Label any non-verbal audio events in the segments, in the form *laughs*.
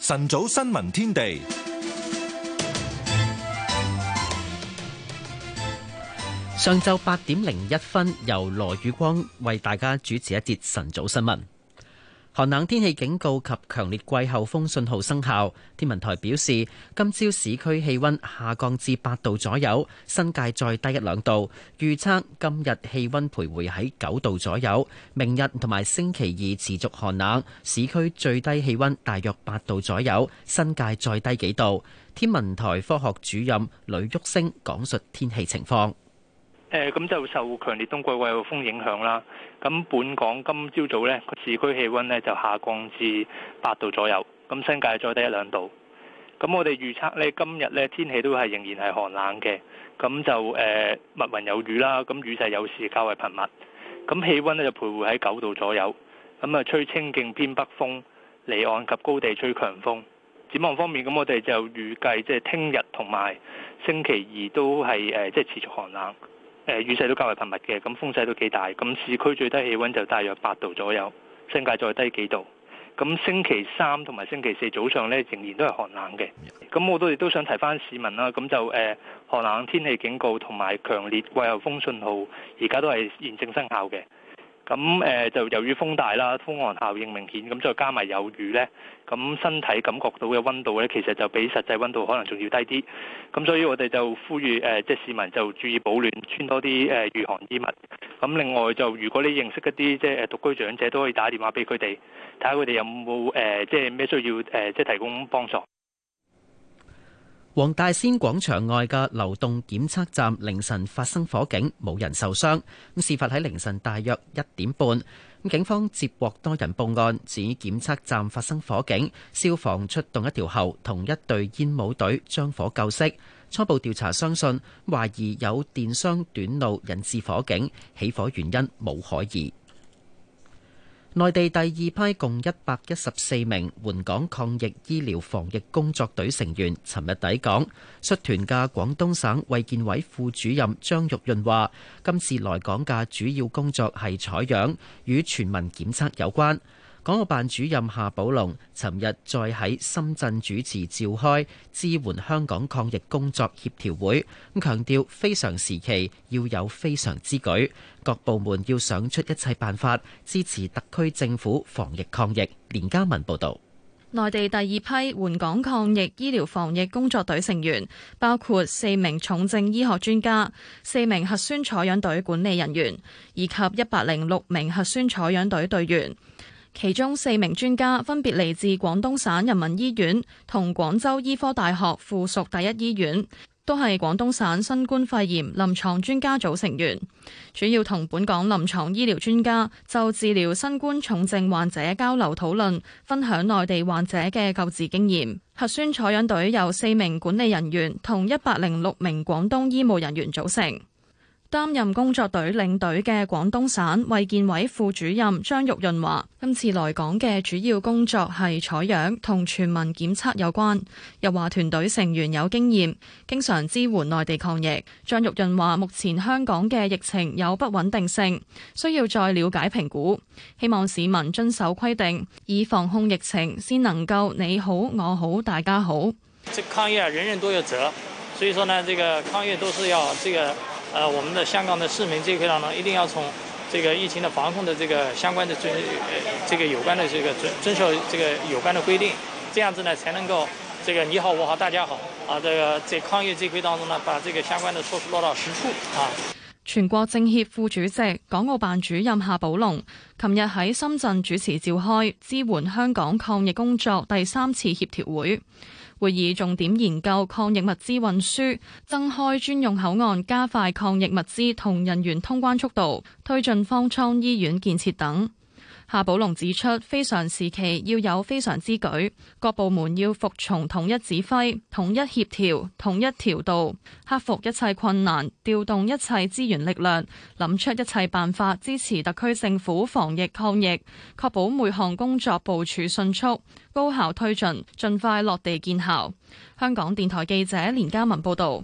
晨早新聞天地，上晝八點零一分，由羅宇光為大家主持一節晨早新聞。寒冷天氣警告及強烈季候風信號生效。天文台表示，今朝市區氣温下降至八度左右，新界再低一兩度。預測今日氣温徘徊喺九度左右，明日同埋星期二持續寒冷，市區最低氣温大約八度左右，新界再低幾度。天文台科學主任呂旭升講述天氣情況。誒咁、呃、就受強烈冬季季候風影響啦。咁本港今朝早呢，市區氣温呢就下降至八度左右，咁新界再低一兩度。咁我哋預測呢今日呢天氣都係仍然係寒冷嘅。咁就誒密、呃、雲有雨啦，咁雨勢有時較為頻密。咁氣温呢就徘徊喺九度左右。咁啊，吹清勁偏北風，離岸及高地吹強風。展望方面，咁我哋就預計即係聽日同埋星期二都係誒即係持續寒冷。誒雨勢都較為頻密嘅，咁風勢都幾大，咁市區最低氣温就大約八度左右，新界再低幾度。咁星期三同埋星期四早上咧，仍然都係寒冷嘅。咁我都亦都想提翻市民啦、啊，咁就誒、呃、寒冷天氣警告同埋強烈季候風信號，而家都係現正生效嘅。咁誒就由於風大啦，風寒效應明顯，咁再加埋有雨咧，咁身體感覺到嘅溫度咧，其實就比實際溫度可能仲要低啲。咁所以我哋就呼籲誒，即係市民就注意保暖，穿多啲誒御寒衣物。咁另外就如果你認識一啲即係獨居長者，都可以打電話俾佢哋，睇下佢哋有冇誒即係咩需要誒即係提供幫助。黃大仙廣場外嘅流動檢測站凌晨發生火警，冇人受傷。事發喺凌晨大約一點半。警方接獲多人報案指檢測站發生火警，消防出動一條喉，同一隊煙霧隊將火救熄。初步調查相信懷疑有電箱短路引致火警，起火原因冇可疑。內地第二批共一百一十四名援港抗疫醫療防疫工作隊成員，尋日抵港。率團嘅廣東省衛健委副主任張玉潤話：今次來港嘅主要工作係採樣，與全民檢測有關。港澳辦主任夏寶龍尋日再喺深圳主持召開支援香港抗疫工作協調會，咁強調非常時期要有非常之舉，各部門要想出一切辦法支持特區政府防疫抗疫。連加文報導，內地第二批援港抗疫醫療防疫工作隊成員包括四名重症醫學專家、四名核酸採樣隊管理人員以及一百零六名核酸採樣隊隊員。其中四名專家分別嚟自廣東省人民醫院同廣州醫科大學附屬第一醫院，都係廣東省新冠肺炎臨床專家組成員，主要同本港臨床醫療專家就治療新冠重症患者交流討論，分享內地患者嘅救治經驗。核酸採樣隊由四名管理人員同一百零六名廣東醫務人員組成。擔任工作隊領隊嘅廣東省衛健委副主任張玉潤話，今次來港嘅主要工作係採樣同全民檢測有關。又話團隊成員有經驗，經常支援內地抗疫。張玉潤話，目前香港嘅疫情有不穩定性，需要再了解評估。希望市民遵守規定，以防控疫情，先能夠你好我好大家好。即抗疫啊，人人都有責，所以說呢，這個抗疫都是要這個。呃，我們的香港的市民這一塊當中，一定要從這個疫情的防控的這個相關的遵、這個，這個有關的這個遵遵守這個有關的規定，這樣子呢，才能夠這個你好我好大家好啊！這個在抗疫這一塊當中呢，把這個相關的措施落到實處啊！全國政協副主席、港澳辦主任夏寶龍，琴日喺深圳主持召開支援香港抗疫工作第三次協調會。會議重點研究抗疫物資運輸、增開專用口岸、加快抗疫物資同人員通關速度、推進方艙醫院建設等。夏寶龍指出，非常時期要有非常之舉，各部門要服從統一指揮、統一協調、統一調度，克服一切困難，調動一切資源力量，諗出一切辦法，支持特區政府防疫抗疫，確保每項工作部署迅速、高效推進，盡快落地見效。香港電台記者連嘉文報導。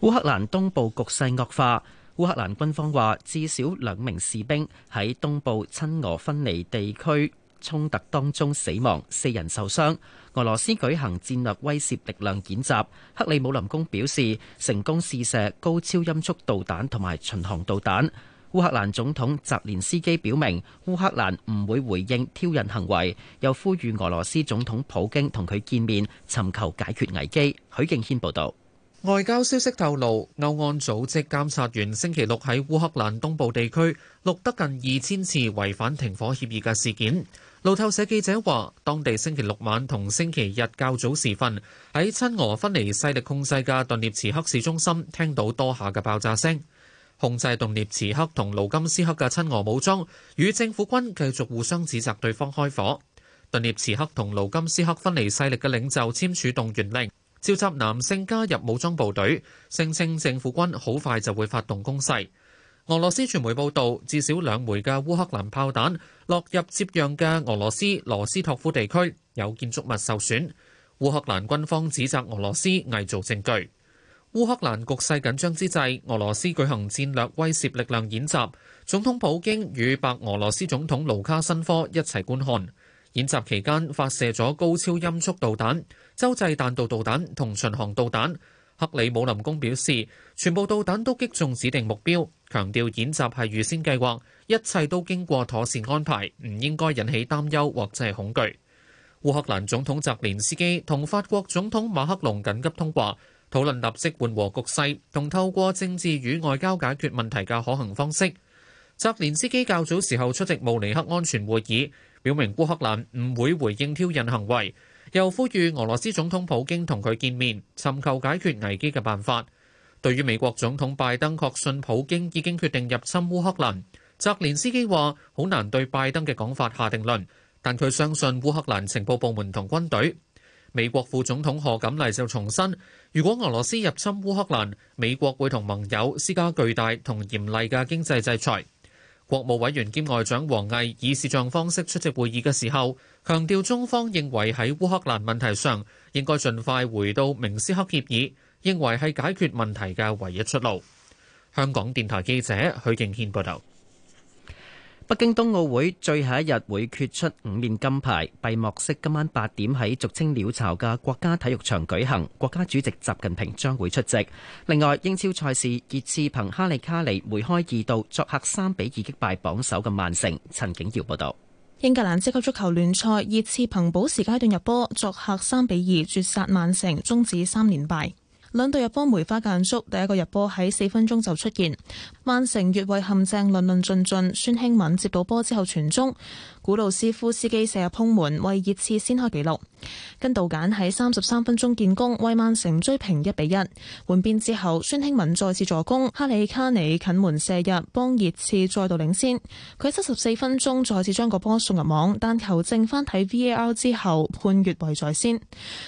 烏克蘭東部局勢惡化。烏克蘭軍方話，至少兩名士兵喺東部親俄分離地區衝突當中死亡，四人受傷。俄羅斯舉行戰略威懾力量演習，克里姆林宮表示成功試射高超音速導彈同埋巡航導彈。烏克蘭總統澤連斯基表明，烏克蘭唔會回應挑釁行為，又呼籲俄羅斯總統普京同佢見面，尋求解決危機。許敬軒報道。外交消息透露，歐安組織監察員星期六喺烏克蘭東部地區錄得近二千次違反停火協議嘅事件。路透社記者話，當地星期六晚同星期日較早時分，喺親俄分離勢力控制嘅頓涅茨克市中心聽到多下嘅爆炸聲，控制頓涅茨克同盧甘斯克嘅親俄武裝與政府軍繼續互相指責對方開火。頓涅茨克同盧甘斯克分離勢力嘅領袖簽署動員令。召集男性加入武裝部隊，聲稱政府軍好快就會發動攻勢。俄羅斯傳媒報道，至少兩枚嘅烏克蘭炮彈落入接壤嘅俄羅斯羅斯托夫地區，有建築物受損。烏克蘭軍方指責俄羅斯偽造證據。烏克蘭局勢緊張之際，俄羅斯舉行戰略威懾力量演習，總統普京與白俄羅斯總統盧卡申科一齊觀看。演習期間發射咗高超音速導彈、洲際彈道導彈同巡航導彈。克里姆林宮表示，全部導彈都擊中指定目標，強調演習係預先計劃，一切都經過妥善安排，唔應該引起擔憂或者係恐懼。烏克蘭總統澤連斯基同法國總統馬克龍緊急通話，討論立即緩和局勢，同透過政治與外交解決問題嘅可行方式。澤連斯基較早時候出席慕尼黑安全會議。表明烏克蘭唔會回應挑釁行為，又呼籲俄羅斯總統普京同佢見面，尋求解決危機嘅辦法。對於美國總統拜登確信普京已經決定入侵烏克蘭，澤連斯基話：好難對拜登嘅講法下定論，但佢相信烏克蘭情報部門同軍隊。美國副總統賀錦麗就重申，如果俄羅斯入侵烏克蘭，美國會同盟友施加巨大同嚴厲嘅經濟制裁。國務委員兼外長王毅以視像方式出席會議嘅時候，強調中方認為喺烏克蘭問題上應該盡快回到明斯克協議，認為係解決問題嘅唯一出路。香港電台記者許敬軒報道。北京冬奧會最後一日會決出五面金牌，閉幕式今晚八點喺俗稱鳥巢嘅國家體育場舉行，國家主席習近平將會出席。另外，英超賽事熱刺憑哈利卡尼梅開二度，作客三比二擊敗榜首嘅曼城。陳景瑤報道。英格蘭超級足球聯賽熱刺憑補時階段入波，作客三比二絕殺曼城，終止三連敗。兩隊入波梅花間竹，第一個入波喺四分鐘就出現。曼城越位陷阱，論論盡盡，孫興敏接到波之後傳中。古路斯夫斯基射入空門，為熱刺先開紀錄。根道簡喺三十三分鐘建功，為曼城追平一比一。換邊之後，孫興慜再次助攻，哈利卡尼近門射入，幫熱刺再度領先。佢七十四分鐘再次將個波送入網，但球證翻睇 VAR 之後判越位在先。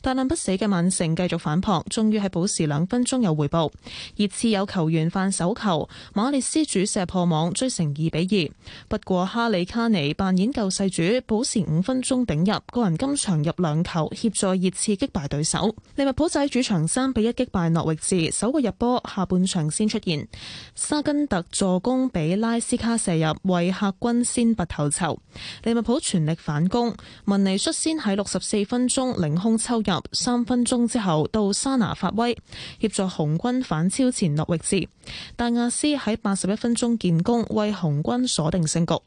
大難不死嘅曼城繼續反撲，終於喺補時兩分鐘有回報。熱刺有球員犯手球，馬列斯主射破網追成二比二。不過哈利卡尼扮演救。救世主保持五分鐘頂入，個人今場入兩球，協助熱刺擊敗對手。利物浦喺主場三比一擊敗諾域治，首個入波，下半場先出現，沙根特助攻比拉斯卡射入，為客軍先拔頭籌，利物浦全力反攻，文尼率先喺六十四分鐘凌空抽入，三分鐘之後到沙拿發威，協助紅軍反超前諾域治。但亞斯喺八十一分鐘建功，為紅軍鎖定勝局。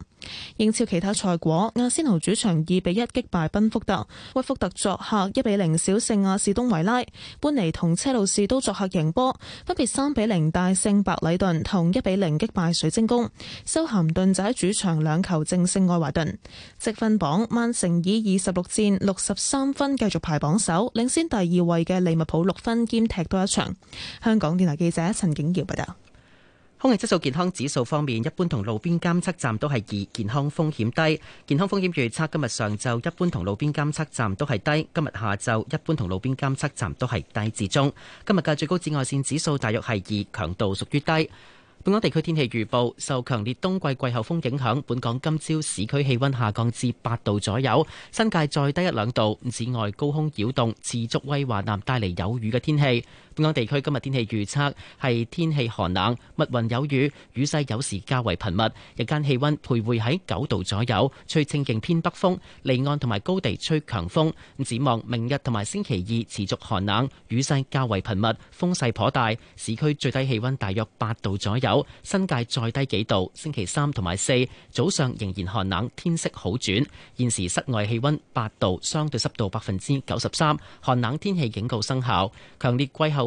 英超其他賽果亞仙奴主場二比一擊敗賓福特，威福特作客一比零小勝亞士東維拉，本尼同車路士都作客贏波，分別三比零大勝白禮頓同一比零擊敗水晶宮，修咸頓就喺主場兩球正勝愛華頓。積分榜曼城以二十六戰六十三分繼續排榜首，領先第二位嘅利物浦六分兼踢多一場。香港電台記者陳景堯報道。拜拜。空氣質素健康指數方面，一般同路邊監測站都係二，健康風險低。健康風險預測今日上晝一般同路邊監測站都係低，今日下晝一般同路邊監測站都係低至中。今日嘅最高紫外線指數大約係二，強度屬於低。本港地區天氣預報，受強烈冬季季候風影響，本港今朝市區氣溫下降至八度左右，新界再低一兩度。紫外高空擾動持續為華南帶嚟有雨嘅天氣。本港地區今日天氣預測係天氣寒冷，密雲有雨，雨勢有時較為頻密。日間氣溫徘徊喺九度左右，吹清勁偏北風，離岸同埋高地吹強風。展望明日同埋星期二持續寒冷，雨勢較為頻密，風勢頗大。市區最低氣溫大約八度左右，新界再低幾度。星期三同埋四早上仍然寒冷，天色好轉。現時室外氣溫八度，相對濕度百分之九十三，寒冷天氣警告生效，強烈季候。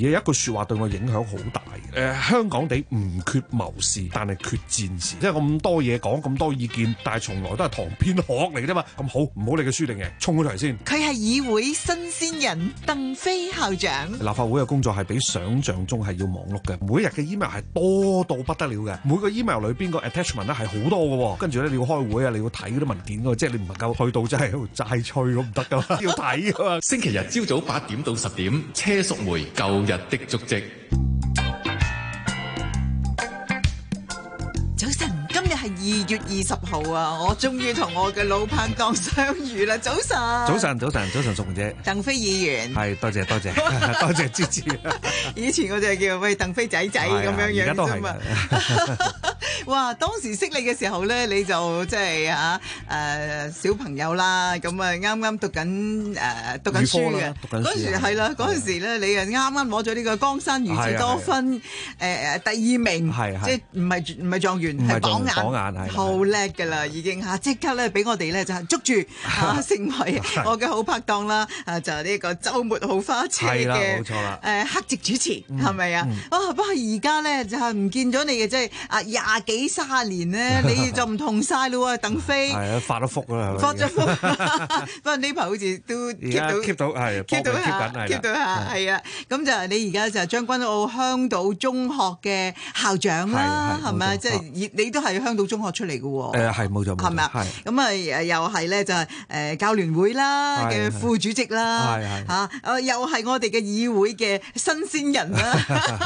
有一句說話對我影響好大嘅，誒、呃、香港地唔缺謀士，但係缺戰士，即係咁多嘢講，咁多意見，但係從來都係唐片殼嚟㗎嘛。咁好唔好你嘅輸定贏，衝咗出嚟先。佢係議會新鮮人，鄧飛校長。立法會嘅工作係比想象中係要忙碌嘅，每日嘅 email 係多到不得了嘅，每個 email 裏邊個 attachment 咧係好多嘅，跟住咧你要開會啊，你要睇嗰啲文件㗎，即係你唔能夠去到真係喺度齋吹咁唔得㗎嘛，要睇㗎嘛。 *laughs* 星期日朝早八點到十點，車淑梅舊。日、啊、的足跡。早晨，今日係二月二十號啊！我終於同我嘅老拍檔相遇啦！早晨，早晨，早晨，早晨，宋姐，鄧飛議員，係多謝多謝 *laughs* *laughs* 多謝支主持。 *laughs* 以前我就叫喂鄧飛仔仔咁樣樣啫嘛。 *laughs* 哇！當時識你嘅時候咧，你就即係嚇誒小朋友啦，咁啊啱啱讀緊誒讀緊書嘅嗰陣時係啦，嗰陣時咧你啊啱啱攞咗呢個江山如此多分誒誒第二名，即係唔係唔係狀元，係榜眼，好叻㗎啦，已經嚇即刻咧俾我哋咧就係捉住嚇成為我嘅好拍檔啦！啊就係呢個周末好花車嘅誒黑值主持係咪啊？啊不過而家咧就係唔見咗你嘅即係啊廿幾卅年咧，你就唔同晒嘞喎，鄧飛。係啊，發咗福啦，係發咗福，不過呢排好似都 keep 到 keep 到係 keep 到貼 keep 到下係啊，咁就你而家就將軍澳香島中學嘅校長啦，係咪啊？即係你都係香島中學出嚟嘅喎。係冇錯。係咪咁啊，又係咧就係誒教聯會啦嘅副主席啦，係又係我哋嘅議會嘅新鮮人啦。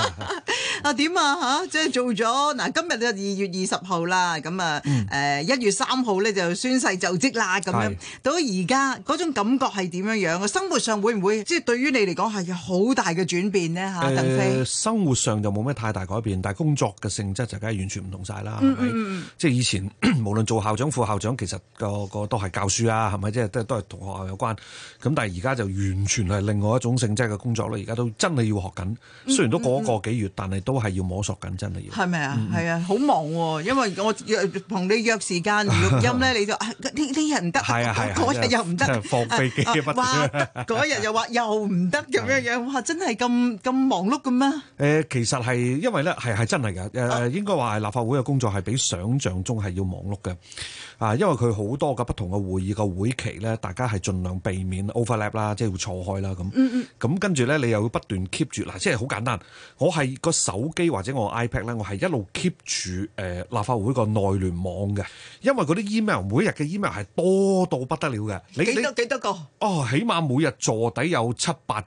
啊點啊嚇？即係做咗嗱，今日二月二十號啦，咁啊、嗯，誒，一、呃、月三號咧就宣誓就職啦，咁樣到而家嗰種感覺係點樣樣？是 Fragen，生活上會唔會即係對於你嚟講係有好大嘅轉變呢？吓、啊，鄧飛、呃嗯、生活上就冇咩太大改變，但係工作嘅性質就梗係完全唔同晒啦，即係、嗯嗯、以前無論做校長、副校長，其實個個都係教書啊，係咪？即、就、係、是、都都係同學校有關。咁但係而家就完全係另外一種性質嘅工作咧。而家都真係要學緊、嗯，嗯、雖然都過咗個幾月，但係都係要摸索緊，真係要係咪啊？係啊，好忙，因為我約同你約時間 *laughs* 錄音咧，你就啊聽日唔得，嗰日、 *laughs* 啊、又唔得，放飛機乜嗰日又話又唔得咁樣樣，哇！ *laughs* 真係咁咁忙碌嘅咩？誒、呃，其實係因為咧，係係真係嘅誒，應該話立法會嘅工作係比想像中係要忙碌嘅啊，因為佢好多嘅不同嘅會議嘅會期咧，大家係盡量避免 overlap 啦，即係會錯開啦咁。咁、嗯嗯、跟住咧，你又要不斷 keep 住嗱，即係好簡單，我係個手機或者我 iPad 咧，我係一路 keep 住。誒、呃、立法會個內聯網嘅，因為啲 email，每日嘅 email 係多到不得了嘅，你幾多你幾多個哦，起碼每日坐底有七八。